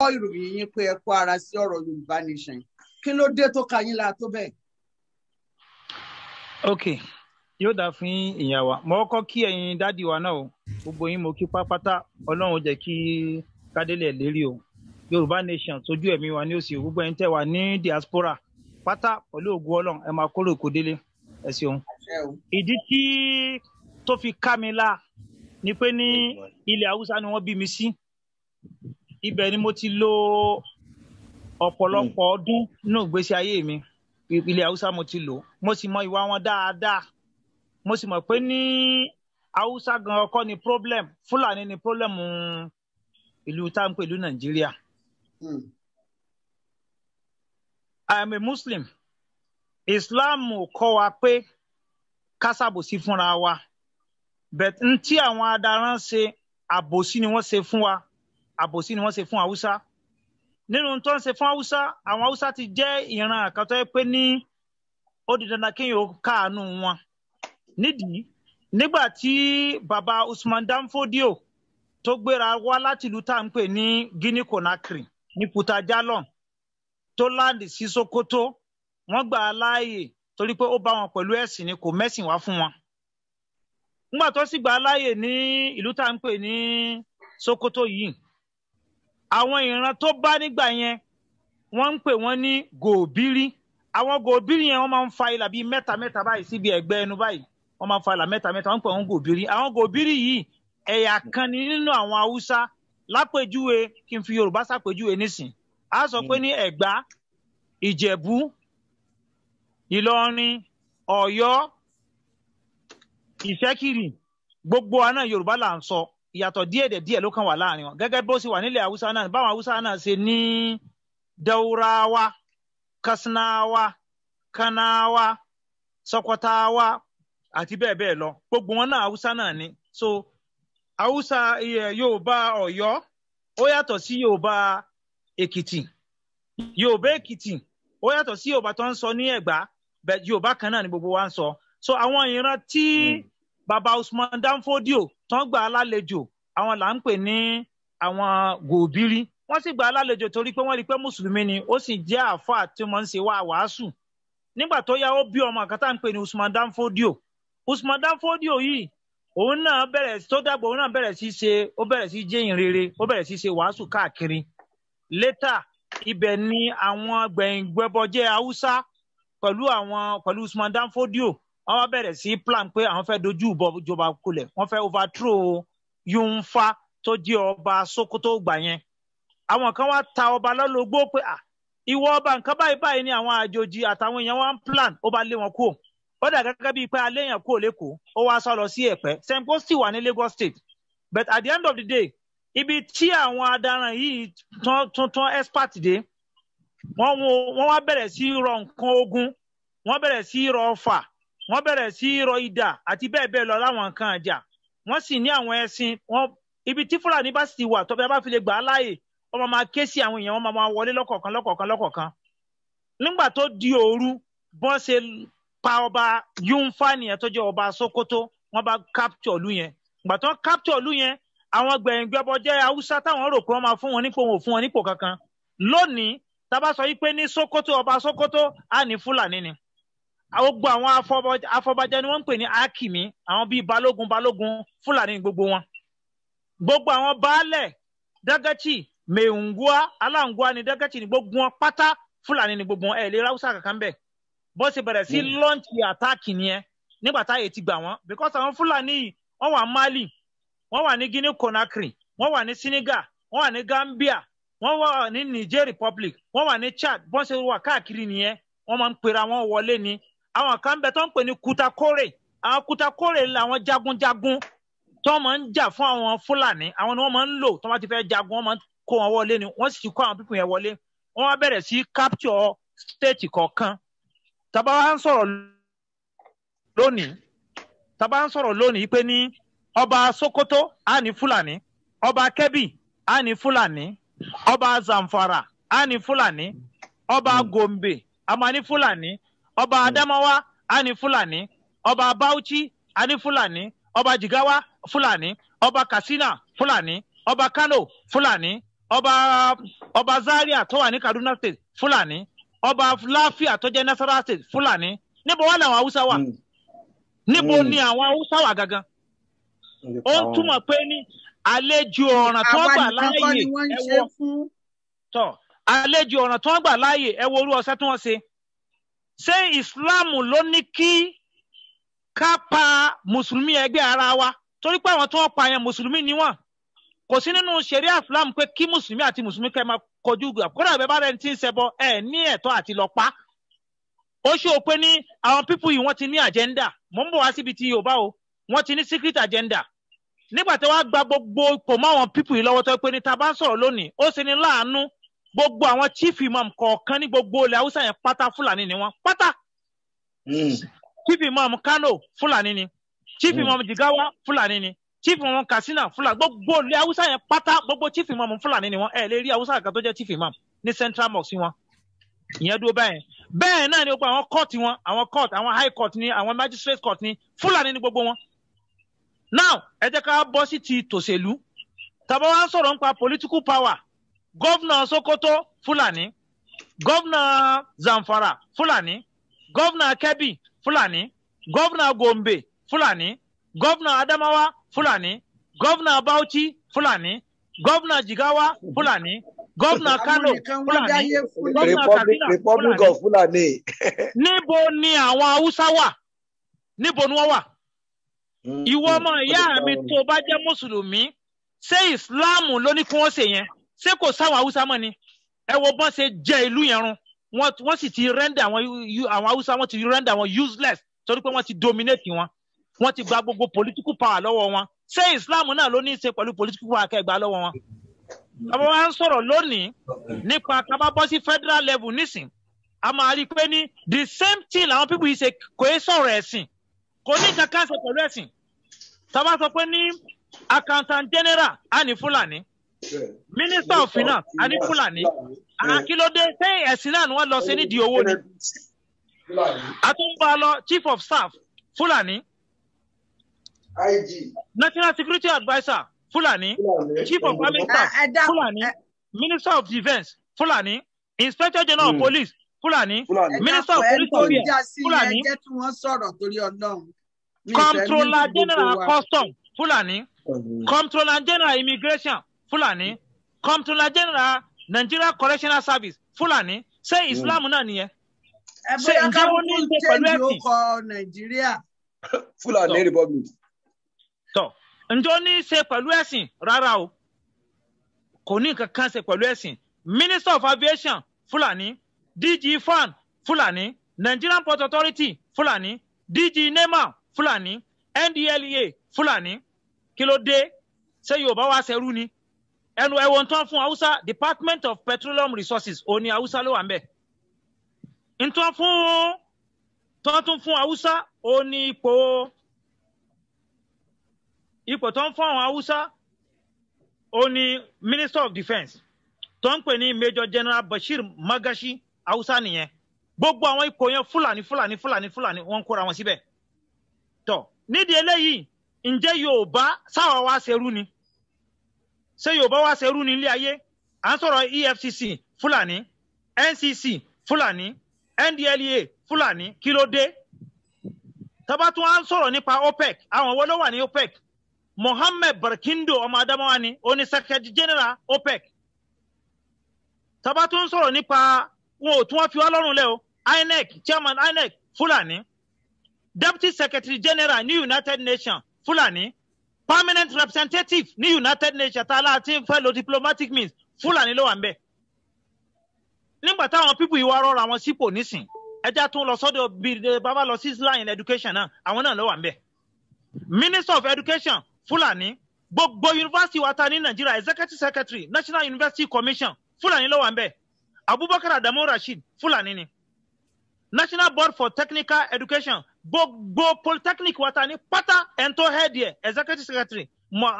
gbọ́ ìròyìn yín pé ẹ kó ara sí ọ̀rọ̀ Yorùbá Nation kí ló dé tó ka yín la tó bẹ́ẹ̀. ok yóò dáa fún ìyá wa mo kọ́ kí ẹ̀yin dádì wa náà o gbogbo yín mo kí pápátá Ọlọ́run jẹ́ kí kádélẹ̀ lérí o Yorùbá Nation tójú ẹ̀mí wa ní òsì gbogbo ẹ̀yin tẹ́ wa ní diaspora pátá pẹ̀lú ògùn Ọlọ́run ẹ máa kórè kó délé ẹ ṣeun ìdí tí tó fi ká mi la ni pé ní ilẹ̀ Haúsá ni wọ́n bí mi sí ibẹ̀ ni mo ti lo ọ̀pọ̀lọpọ̀ ọdún nínú ìgbésí ayé mi ilẹ̀ haúsá mo ti lò mo sì mọ ìwà wọn dáadáa mo sì mọ̀ pé ní haúsá gan ọkọ ni problem fúlàní ni problem mm, ìlú táǹpẹ̀ ìlú nàìjíríà. I am hmm. a Muslim. Islam kọ́ wa pé kásàbòsí fúnra wa bẹ̀ẹ̀ ntí àwọn adarán ṣe àbòsí ni wọ́n ṣe fún wa àbòsí ni wọ́n ṣe fún haúsá nínú tó ń ṣe fún haúsá àwọn haúsá ti jẹ́ ìran àkàtọ́ ẹ pé ní ó di káàánú wọn nídìí nígbà tí baba Usman Dan Fodio tó gbéra wá láti ìlú tá à ń pè ní Guinea Conakry ní Puttajalon tó láǹdì sí Sokoto wọ́n gbà á láàyè torí pé ó bá wọn pẹ̀lú ẹ̀sìn ni kò mẹ́sìn wá fún wọn nígbà tó sì gbà á láàyè ní ìlú tá ní Sokoto yìí àwọn ìran tó bá nígbà yẹn wọ́n ń pè wọ́n ní gòbírí àwọn gòbírí yẹn wọ́n máa ń fa ìlà bíi mẹ́ta mẹ́ta báyìí síbi ẹ̀gbẹ́ ẹnu báyìí wọ́n máa ń fa ìlà mẹ́ta mẹ́ta wọ́n ń pè wọ́n gòbírí àwọn gòbírí yìí ẹ̀yà kan ni nínú àwọn haúsá lápèjúwe kí n fi yorùbá sàpèjúwe nísìn a sọ pé hmm. ní ẹ̀gbá ìjẹ̀bú ìlọrin ọ̀yọ́ ìṣẹ́kiri gbogbo àná yorùbá là ń sọ. So ìyàtọ̀ díẹ̀ dẹ̀ díẹ̀ ló kàn wà láàrin wọn gẹ́gẹ́ bó sì wà nílẹ̀ haúsá náà báwọn haúsá náà ṣe ní daurawa kasnawa kanawa sọkọtawa àti bẹ́ẹ̀ bẹ́ẹ̀ lọ gbogbo wọn náà haúsá náà ni so haúsá yorùbá ọ̀yọ́ ó yàtọ̀ sí yorùbá èkìtì yorùbá èkìtì ó yàtọ̀ sí yorùbá tó ń sọ ní ẹ̀gbá yorùbá kan náà ni gbogbo wa ń sọ so àwọn ìran tí hmm. baba usman danfodio tán gba alálejò àwọn là ń pè ní àwọn gòbírí wọ́n sì gba alálejò torí pé wọ́n rí i pé mùsùlùmí ni ó sì jẹ́ àáfàá tí wọ́n ń ṣe wá wàásù nígbà tó yá ó bí ọmọ kan tá à ń pè ní Usman Dan Fodio Usman Dan Fodio yìí òun náà bẹ̀rẹ̀ tó dàgbà òun náà bẹ̀rẹ̀ sí ṣe ó bẹ̀rẹ̀ sí jẹ́yìn rere ó bẹ̀rẹ̀ sí ṣe wàásù káàkiri létà ibẹ̀ ni àwọn gbẹ̀yìn gbẹbọjẹ́ haúsá pẹ̀lú àwọn pẹ̀lú Usman Dan àwọn bẹ̀rẹ̀ sí plan pé àwọn fẹ́ dojú ìbọ ìjọba kulẹ̀ wọ́n fẹ́ overthrow yunfa tó jẹ́ ọba Sokoto gbà yẹn àwọn kan wá ta ọba lọ́lọ́gbó pé à ìwọ ọba nǹkan báyìí báyìí ni àwọn àjòjì àtàwọn èèyàn wọn plan ó bá lé wọn kúrò ó dà gẹ́gẹ́ bíi pé alẹ́ yẹn kúrò lẹ́kọ̀ọ́ ó wá sá lọ sí Ẹ̀pẹ́ sempo sì wà ní Lagos State but at the end of the day ibi tí àwọn adaràn yìí tuntun expert dé wọ́n wá bẹ̀rẹ̀ sí rọ nǹkan ogun wọ́n bẹ̀rẹ̀ sí rọ ọfà wọ́n bẹ̀rẹ̀ sí í rọ idà àti bẹ́ẹ̀ bẹ́ẹ̀ lọ láwọn nǹkan àjà wọ́n sì ní àwọn ẹṣin wọn ibi tí fúlàní bá sì wà tọ́fẹ́ bá fi lè gbà á láàyè wọ́n máa ké sí àwọn èèyàn wọ́n máa máa wọlé lọ́kọ̀ọ̀kan lọ́kọ̀ọ̀kan lọ́kọ̀ọ̀kan nígbà tó di òru bọ́n ṣe pa ọba yunfa nìyẹn tó jẹ́ ọba Sokoto wọ́n bá capture ìlú yẹn ìgbà tó capture ìlú yẹn àwọn gbẹ̀yìngbẹ́bọ jẹ́ haúsá táwọn rò pé wọ́n máa fún wọn nípò wọn ò fún wọn nípò kankan lónìí tá bá sọ yìí pé ní Sokoto ọba Sokoto á ní fúlàní ni. Fula, gbogbo àwọn afọbajẹ ni wọ́n ń pè ní akimi àwọn bíi balógun balógun fúlàní gbogbo wọn gbogbo àwọn baálẹ̀ dagachi mehungua alangua ni dagachi ni gbogbo wọn pátá fúlàní ni gbogbo wọn ẹ lè ráwùsà kankan bẹ́ẹ̀ bó ṣe bẹ̀rẹ̀ sí hmm. lọ́ǹtì àtáàkì nìyẹn nígbà táyé ti gbà wọ́n because àwọn fúlàní yìí wọ́n wà mali wọ́n wà ní guinea conakry wọ́n wà ní senegal wọ́n wà ní gambia wọ́n wà ní niger republic wọ́n wà ní chad bó ṣe wà káàkiri nìyẹn wọ́n máa ń pera wọn wọlé ni àwọn kan bẹ tó ń pè ní kutakore àwọn kutakore làwọn jagunjagun tó máa ń jà fún àwọn fúlàní àwọn ni wọ́n máa ń lò tó máa ti fẹ́ jagun wọ́n máa ń kó wọn wọlé ni wọ́n sì kó àwọn pípín yẹn wọlé wọ́n wá bẹ̀rẹ̀ sí capture state kọ̀ọ̀kan tàbá wa ń sọ̀rọ̀ lónìí tàbá ń sọ̀rọ̀ lónìí pé ní ọba sokoto á ní fúlàní ọba kebbi á ní fúlàní ọba zamfara á ní fúlàní ọba gombe á ní fúlàní ọba hmm. adamawa ani fulani, fúlàní ọba bauchi ani fulani, fúlàní ọba jigawa fulani, ọba katsina fulani, ọba kano fulani, ọba ọba zaria tó wà ní kaduna state fulani, ọba láfíà tó jẹ nasarawa state fulani. níbo wà làwọn haúsá wà hmm. níbo hmm. ni àwọn haúsá wà gangan ó ń túmọ̀ pé ní àlejò ọ̀ràn tó gbà láàyè ẹ̀wọ̀ tó àlejò ọ̀ràn tó gbà láàyè ẹ̀wọ̀ orú ọ̀sẹ̀ tí wọ́n ṣe ṣé islam ló ní kí ká pa mùsùlùmí ẹgbẹ́ ara wa torí pé àwọn tí wọ́n pa yẹn mùsùlùmí ni wọ́n kò sí nínú ṣẹ̀ríà islam pé kí mùsùlùmí àti mùsùlùmí kẹ́ máa kojú kódà bẹ́ẹ̀ bá rẹ̀ ti ń ṣẹbọ ẹ̀ ní ẹ̀tọ́ àti lọ pa ó ṣe òpin ní àwọn pípù yìí wọ́n ti ní agenda mò ń bọ̀ wá síbi ti yorùbá o wọ́n ti ní secret agenda nígbà tí wọ́n á gba gbogbo ipò mọ́ àwọn pípù yìí lọ́wọ́ tó pé ní ta bá ń sọ̀rọ̀ lónìí ó ṣe ní láàánú gbogbo àwọn chief imam kọ̀ọ̀kan ní gbogbo ilẹ̀ haúsá yẹn pátá fúlàní ni wọ́n pátá hmm. chief imam kano fúlàní ni chief hmm. imam jigawa fúlàní ni chief imam katsina fúlàní gbogbo ilẹ̀ haúsá yẹn pátá gbogbo chief imam fúlàní ni wọ́n ẹ̀ lè rí haúsá kan tó jẹ́ chief imam ní central mosque wọn ìyẹn dúró báyẹn bẹ́ẹ̀ náà ni gbogbo àwọn court wọn àwọn court àwọn high court ni àwọn magistrate court ni fúlàní ni gbogbo wọn now ẹ jẹ́ ká bọ́ sí ti tòṣèlú tàbá wa ń sọ̀rọ̀ nípa political power gómìnà Sokoto fulani, gómìnà Zamfara fulani, gómìnà Kebbi fulani, gómìnà Gombe fulani, gómìnà Adamawa fulani, gómìnà Bauchi fulani, gómìnà Jigawa fulani, gómìnà Kano fulani. gómìnà Katsina Fúlàní. níbo ni àwọn Haúsá wà níbo ni wọ́n wà hmm. ìwọ ọmọ ìyá mi tó bá jẹ́ mùsùlùmí ṣé ìsìláàmù ló ní kí wọ́n ṣe yẹn ṣé kò sáwọn haúsá mọ́ ni ẹ wo bọ́n ṣe jẹ́ ìlú yẹn run wọ́n sì ti rẹ́ndà àwọn àwọn haúsá wọ́n ti rẹ́ndà àwọn useless torí pé wọ́n ti dominate wọn wọ́n ti gba gbogbo political power lọ́wọ́ wọn ṣé islam náà ló ní í ṣe pẹ̀lú political power kẹgbà lọ́wọ́ wọn. àbá wa ń sọ̀rọ̀ lónìí nípa kábà bọ́ sí federal level nísìn a máa rí i pé ní the same thing làwọn people yìí ṣe kò é sọ̀rọ̀ ẹ̀sìn kò ní kankan ṣe pẹ̀lú ẹ̀sìn tá a bá sọ pé ní accountant general á ní fúlàní mínísítà of finance a ní fúlàní àkílódé ṣé ẹ̀sìn náà ni wọ́n lọ sí nídìí owó ni a tún bá a lọ chief of staff fúlàní national security adviser fúlàní chief of army staff fúlàní minister of defence fúlàní inspector general of hmm. police fúlàní minister of police affairs fúlàní comptroller general custom fúlàní hmm. comptroller general immigration fúlàní comptroller general nigeria correctional service fúlàní ṣé hmm. islam náà nìyẹn. ẹ bóyá ká mú change orúkọ nàìjíríà. fúlàní republic. tọ ǹjọ́ ní í ṣe pẹ̀lú ẹ̀sìn rárá o kò ní nǹkan kan ṣe pẹ̀lú ẹ̀sìn minister of aviation fúlàní dg fan fúlàní nigerian port authority fúlàní dg nema fúlàní ndlea fúlàní kí ló dé ṣé yorùbá wá ṣẹrú ni ẹnu ẹwọ ntọ́ fún Hausa Department of Petroleum Resources òní Hausa ló wà ń bẹ̀ ntọ́ fún tọ́tún fún Hausa òní ipò ipò tó ń fún àwọn Hausa òní Minister of Defence tó ń pè ní Major General Bashir Magashi Hausa nìyẹn gbogbo àwọn ipò yẹn Fúlàní Fúlàní Fúlàní Fúlàní wọ́n kóra wọn síbẹ̀ tọ́ nídìí eléyìí ǹjẹ́ Yorùbá sáwà wá ṣerú ni ṣé yorùbá wá ṣerú ní ilé ayé à ń sọ̀rọ̀ efcc fúlàní ncc fúlàní ndlea fúlàní kí ló dé tọ́ba tún á ń sọ̀rọ̀ nípa opec àwọn wo wà ní opec mohammed barkindo ọmọ adamawa ni oní secretary general opec tọ́ba tún ń sọ̀rọ̀ nípa wọn ò tún wọ́n fi wá lọ́rùn lẹ́ o inec chairman inec fúlàní deputy secretary general ní united nations fúlàní permanent representative ní United Nations tá a láà ti ń fẹ́ lo diplomatic means Fúlàní ló wà ń bẹ̀. nígbà táwọn pípù yìí wá rọra wọn sípò nísìn ẹja tó ń lọ sọ́dọ̀ bíi bàbá lọ sí islam in education náà àwọn náà ló wà ń bẹ̀. Minister of Education Fúlàní gbogbo yunifásitì wa ta ní Nàìjíríà executive secretary National University Commission Fúlàní ló wà ń bẹ̀. Abubakar Adamu Rasheed Fúlàní ni national board for technical education gbogbo polytechnic wa ta ni pátá ẹ̀ńtọ́ head yẹ executive secretary Ma,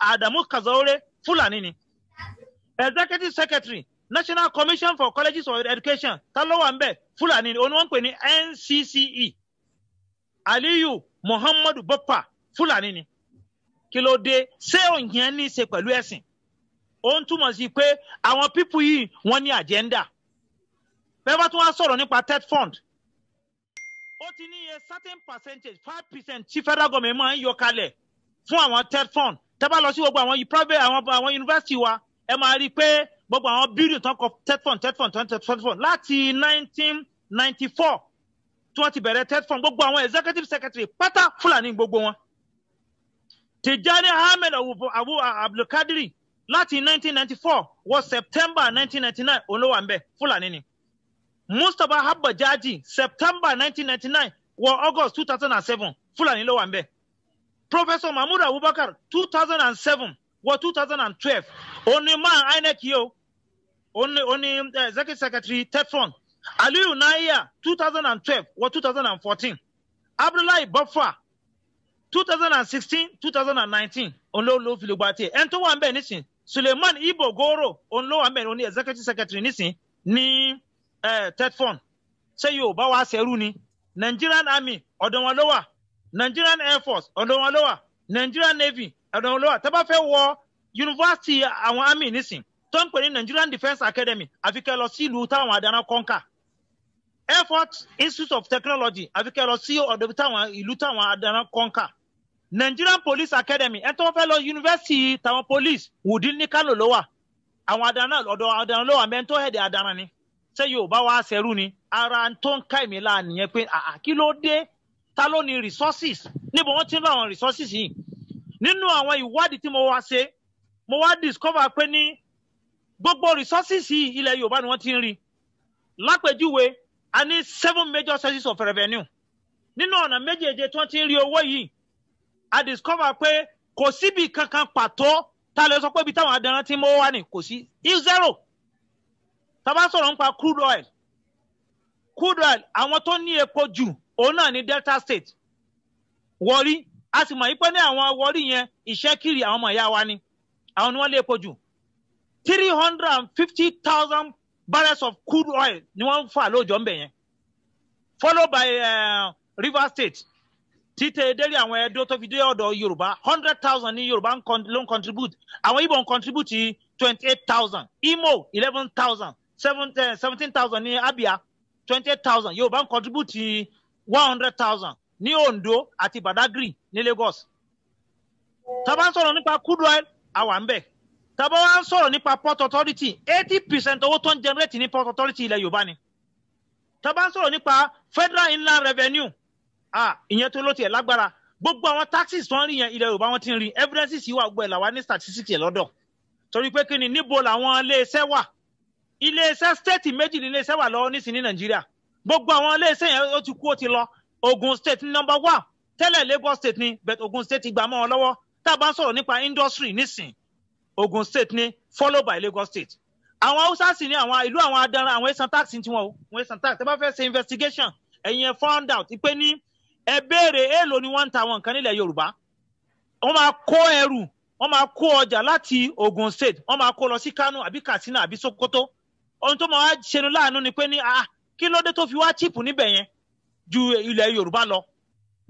adamu kazaure fulani ni executive secretary national commission for colleges of education ta ló wà ń bẹ̀ fulani ni oní wọ́n ń pè ncce aliyu muhammadu boppa fulani ni kí se dé ṣé òyìn ní í ṣe pẹ̀lú ẹ̀sìn ó ń túmọ̀ sí pé àwọn pípù agenda bẹ́ẹ̀ bá tún wá sọ̀rọ̀ nípa third fund ó ti ní iye certain percentage five percent tí federal government máa ń yọ kalẹ̀ fún àwọn third fund tẹ́ bá lọ sí gbogbo àwọn private àwọn àwọn university wa ẹ máa rí i pé gbogbo àwọn building tán kọ third fund third fund third fund láti nineteen ninety four tí wọ́n ti bẹ̀rẹ̀ third fund gbogbo àwọn executive secretary pátá fúlàní gbogbo wọn tijani ahmed abu abdulkadiri láti nineteen ninety four wọ september nineteen ninety nine òun ló wà ń bẹ̀ fúlàní ni mustapha habba jaji september 1999 wọ august 2007 fulani ló wà ń bẹ̀ professor mahmood abubakar 2007 wọ 2012 òní man inec yìí o òní òní eh, executive secretary tefron aliyu naiya 2012 wọ 2014 abdullahi baffa 2016 2019 òun ló ló fi lè gba tiẹ̀ ẹni tó wà ń bẹ̀ nísìn suleiman ibo goro òun ló wà ń bẹ̀ òun executive secretary nísìn ní. Ni tetfon ṣé yorùbá wa ṣẹrú ni nigerian army ọ̀dọ̀ nigerian air force ọ̀dọ̀ nigerian navy ọ̀dọ̀ Taba ló wà University fẹ́ army nísìn tó ń ni nigerian defence academy àfi si lọ sí adana táwọn air force institute of technology àfi si lọ sí ọ̀dọ̀ táwọn ìlú táwọn nigerian police academy ẹ tó fẹ́ University yunifásitì police wùdí ni kánò ló wà adana àdáná adana àdáná ló wà mẹ́ńtó hẹ̀dẹ̀ àdáná ni ṣé yorùbá wa ṣẹrú ni ara tó ń ká ìmí láà nìyẹn pé àkí ló dé ta ló ní resources níbo wọ́n ti ń lọ àwọn resources yìí nínú àwọn ìwádìí tí mo wá ṣe mo wá discover pé ní gbogbo resources yìí ilẹ̀ yorùbá ni wọ́n ti ń rí lápèjúwe a ní seven major sources of revenue nínú ọ̀nà méjèèje tí wọ́n ti ń rí owó yìí a discover pé kò síbi kankan pàtó ta lè sọ pé ibi táwọn adarán ti mọ́ wá ní kò sí zero tá bá sọ̀rọ̀ nípa crude oil crude oil àwọn tó ní epo jù òun náà ní delta state wọrí a sì mọ̀ wípé ní àwọn wọrí yẹn ìṣẹ́kiri àwọn ọmọ ìyá wa ni àwọn ni wọ́n lé epo jù three hundred and fifty thousand barrels of crude oil ni wọ́n ń fà lóòjọ́ ńbẹ̀ yẹn followed by uh, eh, Rivers State títẹ délé àwọn ẹdó tó fi dé ọ̀dọ̀ Yorùbá hundred thousand ní Yorùbá ló ń contribute àwọn Ìgbò ń contribute twenty eight thousand Imo eleven thousand Eh, seventeen thousand in Abia twenty thousand Yorùbá ń contribute one hundred thousand ní Ondo àti Badagry ni Lagos tàbá ń nipa nípa crude oil àwa ń bẹ̀ tàbá wá port authority eighty percent owó tó ń generate ní port authority ilẹ̀ Yorùbá ni tàbá ń sọ̀rọ̀ federal inland revenue ah ìyẹn tó ló tiẹ̀ lágbára gbogbo àwọn taxes tó ń rí yẹn ilẹ̀ Yorùbá wọn ti ń rí evidences yìí wà gbogbo ẹ̀ làwa ní statistics yẹn lọ́dọ̀ torí pé kí ni níbo làwọn iléeṣẹ́ wà iléeṣẹ́ state méjì ní iléeṣẹ́ wà lọ́wọ́ nísìnyí nàìjíríà gbogbo àwọn iléeṣẹ́ yẹn ó ti kú ó ti lọ Ogun state ni number one tẹ́lẹ̀ Lagos state ni but Ogun state gbà mọ́ ọ lọ́wọ́ tá a bá ń sọ̀rọ̀ nípa industry nísìn Ogun state ni followed by Lagos state àwọn Hausa sì ni àwọn ìlú àwọn adarun àwọn ẹ̀sán tax tiwọn o àwọn ẹ̀sán tax tẹ́ bá fẹ́ ṣe investigation ẹ̀yin ẹ̀ found out pé ní ẹ béèrè èèlò ni wọ́n ń ta àwọn nǹkan nílẹ̀ Yorùbá wọ́n máa kó ẹrù wọ́n máa kó ọjà láti Ogun state wọ́n máa kó lọ sí Kano àbí Katsina àbí Sokoto ohun tó máa ṣẹnu láàánú ni pé ní ah kí ló dé tó fi wá chip níbẹ̀ yẹn ju ilẹ̀ yorùbá lọ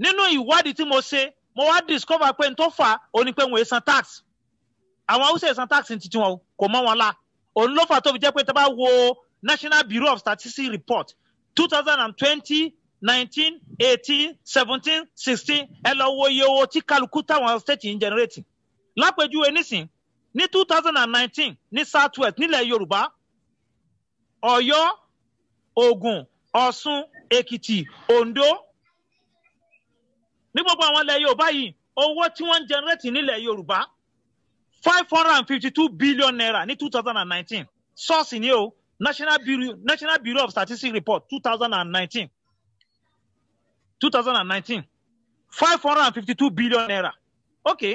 nínú ìwádìí tí mo ṣe mo wá discover pé n tó fà ó ní pé wọn èé san tax àwọn haúsá èé san tax ní titi wọn o kò mọ wọn la òun ló fà tó fi jẹ́ pé tá wo national bureau of statistics report two thousand and twenty nineteen eighteen seventeen sixteen ẹ lọ wo iye owó tí kálukú táwọn state ń generate lápèjúwe nísìn ní two thousand and nineteen ní south nílẹ̀ yorùbá ọ̀yọ́ Ogun, ọ̀ṣun Ekiti, Ondo, ní gbogbo àwọn ilẹ̀ yorùbá yìí owó tí wọ́n ń jẹnẹrétì nílẹ̀ yorùbá five hundred and fifty two billion naira ní two thousand and nineteen sọ́ọ̀sì ni o national bureau national bureau of statistics report two thousand and nineteen two thousand and nineteen five hundred and fifty two billion naira Okay.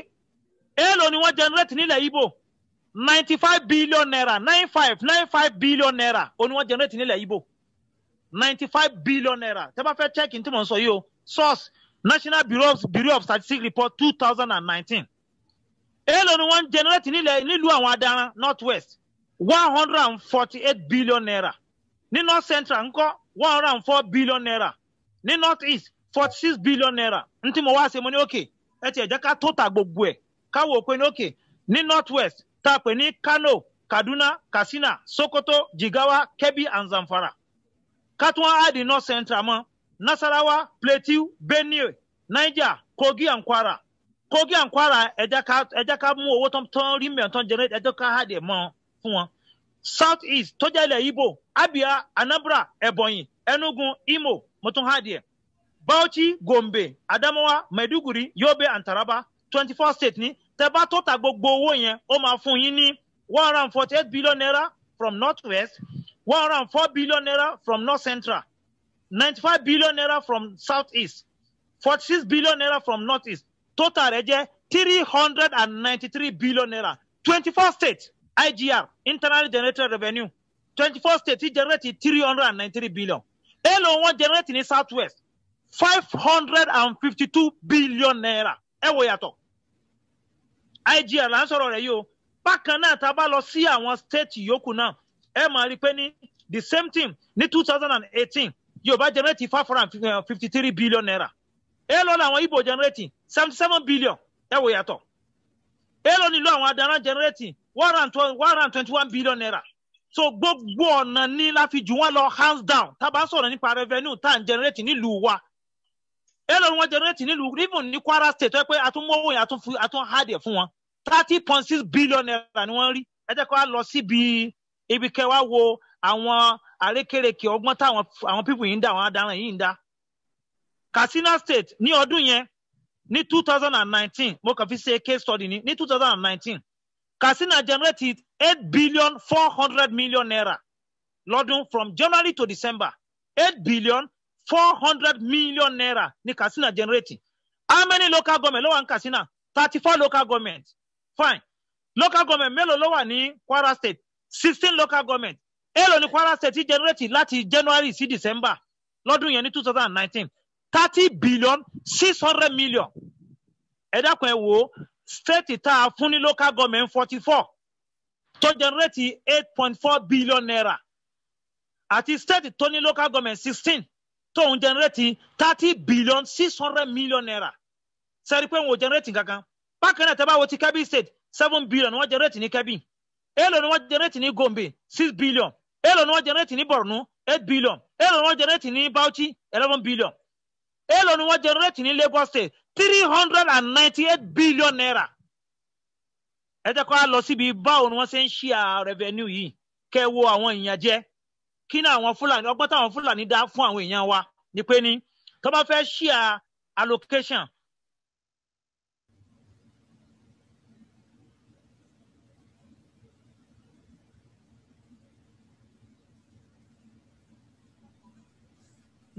èèlò ni wọ́n jẹnẹrétì nílẹ̀ ibo ninety five billion naira nine five nine five billion naira ó ní generate nílẹ̀ Igbo ninety five billion naira tẹ́ bá fẹ́ check in tí mo ń sọ yìí o source National Bureau of, Bureau of Statistics report two thousand and nineteen èèlò ni wọ́n generate nílẹ̀ nílùú àwọn adaran north west one hundred and forty eight billion naira ní north central ńkọ́ one hundred and four billion naira ní north east forty six billion naira ntí mo wá ṣe mo ní òkè ẹ tiẹ̀ jẹ́ ká tó ta gbogbo ẹ̀ káwọ́ òpin ní òkè ní north west tá a pè ní Kano Kaduna Katsina Sokoto Jigawa Kebbi and Zamfara katuwa tún north central ma. Nasarawa Plateau Benue Niger Kogi and Kwara Kogi and Kwara ẹja ká mú owó tán tán rí mẹ́rin tán jẹrẹ ẹjọ́ ká mọ́ fún wọn South East ilẹ̀ Igbo Abia Anambra Ebonyi Enugu Imo mo tún Bauchi Gombe Adamawa Maiduguri Yobe and Taraba twenty four state ni tẹ́ bá tó ta gbogbo owó yẹn ó máa ní one hundred and forty eight billion naira from north west one hundred and four billion naira from north central ninety five billion naira from Southeast, forty six billion naira from Northeast, total rẹ̀ jẹ́ three hundred and ninety three billion naira twenty four states igr internally generated revenue twenty four states generate three hundred and ninety three billion èló wọn generate ní Southwest, five hundred and fifty two billion naira ẹ wò yàtọ̀. IGR là ń sọ̀rọ̀ rẹ̀ yìí o bákan náà tá a bá lọ sí àwọn stéètì yòókù náà ẹ máa rí i pé ní the same thing ní two thousand and eighteen Yorùbá generate five hundred and fifty uh, three billion naira ẹ lọ làwọn Igbo generate seventy seven billion ẹ wò yàtọ̀ ẹ lọ nílò àwọn adaran generate one hundred and twenty one billion naira so gbogbo ọ̀nà ni la fi jù wọ́n lọ hands down tá a bá sọ̀rọ̀ nípa revenue tá à ń generate nílùú wa ẹ lọ́nu wọn jẹnẹrétì nílùú even ní Kwara state tó yẹ pé àtúnmọ́wò yẹn àtún hádìẹ̀ fún wọn thirty point six billion naira ni wọ́n rí ẹ jẹ́ kó wá lọ síbi ibi kẹwàá wo àwọn àrékèrèké ọgbọ́n táwọn àwọn pípù yìí ń dá àwọn adarán yìí ń dá Katsina state ní ọdún yẹn ní two thousand and nineteen mo kàn fi ṣe case study ní ní two thousand and nineteen Katsina generated eight billion four hundred million naira lọ́dún from January to December eight billion 400 million naira ní katsina generating how many local government ló wà ní 34 local government fine local government mélòó ló wà ní kwara state 16 local government èló ni kwara state He generate láti january sí december lọ́dún yẹn ní 2019 30 billion 600 million ẹ dákun ẹ state tá a local government 44 to generate 8.4 billion naira Ati state tó ní local government 16 tóun jẹnẹrẹtì thirty billion six hundred million naira sẹ́rí pé wọn ò jẹnẹrẹtì kankan bákan náà tẹ́bá wo ti kebbi state seven billion wọ́n jẹnẹrẹtì ní kebbi èèlò ni wọ́n jẹnẹrẹtì ní gombe six billion èèlò ni wọ́n jẹnẹrẹtì ní borno eight billion èèlò ni wọ́n jẹnẹrẹtì ní bauchi eleven billion èèlò ni wọ́n jẹnẹrẹtì ní lagos state three hundred and ninety-eight billion naira ẹ jẹ́ kó a lọ síbi báwo ni wọ́n ṣe ń ṣí à revenue yìí kẹ́ ẹ wo àwọn ìyànjẹ́ kí ni àwọn fúlàní ọgbọ́n táwọn fúlàní dá fún àwọn èèyàn wa ni pé ní tó bá fẹ́ share allocation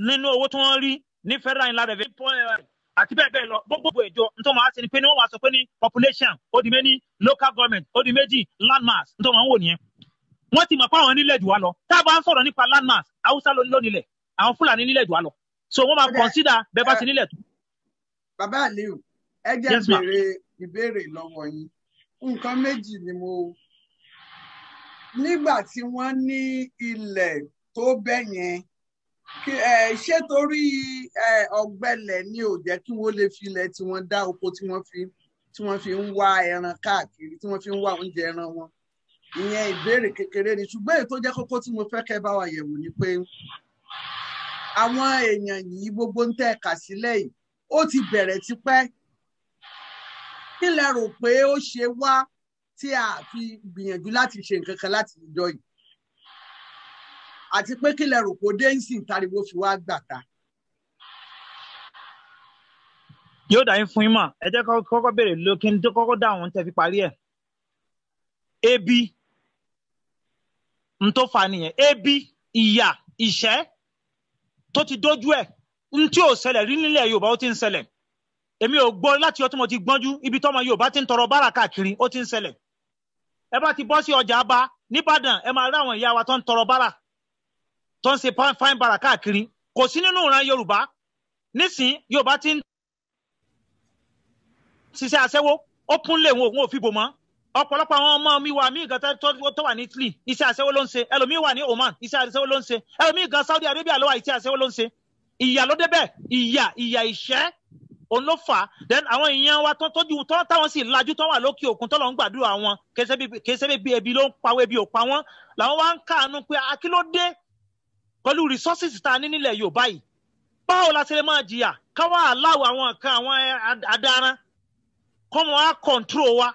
nínú owó tí wọ́n rí ní federal inland revenue eh, àti bẹ́ẹ̀ bẹ́ẹ̀ lọ gbogbo ìjọ nítorí wọn á ṣe ni pé ní wọ́n wá sọ pé ní population ó di méjì local government ó di méjì landmass nítorí wọn ń wò nìyẹn wọ́n ti mọ̀ pé àwọn nílẹ̀ jù wá lọ tá a bá ń sọ̀rọ̀ nípa landmass haúsá ló nílẹ̀ àwọn fúlàní nílẹ̀ jù wá lọ so wọ́n máa consider bẹ́ẹ̀ bá ti nílẹ̀ tó. bàbá aliu ẹ jẹ́ béèrè ìbéèrè lọ́wọ́ yín nǹkan méjì ni mo nígbà tí wọ́n ní ilẹ̀ tó bẹ́ yẹn ṣé torí ọ̀gbẹlẹ̀ ni ò jẹ́ kí wọ́n lè filẹ̀ tí wọ́n dá oko tí wọ́n fi ń wá ẹran káàkiri tí wọ́n fi ń wá oúnjẹ ẹran wọn ìyẹn ìbéèrè kékeré ni ṣùgbọ́n èyí tó jẹ́ kókó tí mo fẹ́ kẹ́ bá wa yẹ̀wò ni pé àwọn èèyàn yìí gbogbo ń tẹ́ ẹ̀ka sílẹ̀ yìí ó ti bẹ̀rẹ̀ tipẹ́ kí lẹ rò pé ó ṣe wá tí a fi gbìyànjú láti ṣe nǹkan kan láti ìjọ yìí àti pé kí lẹ rò pé ó tariwo fi wá gbàtà. yóò dá yín fún yín mọ ẹ jẹ́ kọ́kọ́ béèrè lókè ní dá àwọn tẹ́ fi parí ẹ̀ ebi n tó fa nìyẹn ebi ìyà ìṣẹ́ tó ti dójú ẹ̀ n tí ò ṣẹlẹ̀ rí nílẹ̀ Yorùbá ó ti ń ṣẹlẹ̀ èmi ò gbọ́ láti ọtí mo ti gbọ́njú ibi tọ́mọ Yorùbá ti ń tọrọ bára káàkiri ó ti ń ṣẹlẹ̀ ẹ bá ti bọ́ sí ọjà bá nìbàdàn ẹ máa rí ìyá wa tó ń tọrọ bára tó ń ṣe fine bára káàkiri kò sí nínú ìran Yorùbá nísìn Yorùbá ti ń ṣiṣẹ́ aṣẹ́wó ó pún lè wọn ò fi bò mọ́ ọ̀pọ̀lọpọ̀ àwọn ọmọ mi wà mí gan tó wà ní Italy iṣẹ́ aṣẹ́wó ló ń ṣe ẹlòmíì wà ní Oman iṣẹ́ aṣẹ́wó ló ń ṣe ẹlòmíì gan Saudi Arabia ló wà iṣẹ́ aṣẹ́wó ló ń ṣe ìyà ló débẹ̀ ìyà ìyà ìṣẹ́ òun ló fà á then àwọn èèyàn wa tó tójú tó táwọn sì lajú tó wà lókè òkun tó lọ ń gbàdúrà wọn kèsè bí ebi ló ń pawọ́ ebi ò pa wọ́n làwọn wá ń káàánú pé akílódé pẹ̀lú resources tá a ní nílẹ̀ Yorùbá yìí báwo la ṣe lè máa jìyà káwá aláwọ̀ àwọn kan àwọn adaran kọ́mọ wa control wa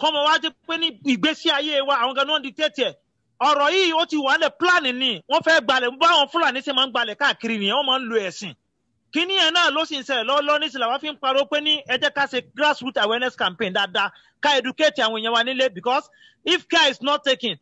kọ́mọ wa ti pé ní ìgbésí ayé wa àwọn gan-an wọ́n dictate ẹ̀ ọ̀rọ̀ yìí ó ti wà lẹ̀ pílánì ni wọ́n fẹ́ gbalẹ̀ bá àwọn fúlàní ṣe máa ń gbalẹ̀ káàkiri nìyẹn wọ́n máa ń lo ẹ̀sìn kíní yẹn náà ló sì ń ṣẹlẹ̀ lọ́wọ́lọ́wọ́ ní ìsìlẹ̀ wá fi ń pariwo pé ní ẹ jẹ́ ká ṣe grassroots awareness campaign dáadáa ká educate àwọn èèyàn wa nílé because if care is not taken.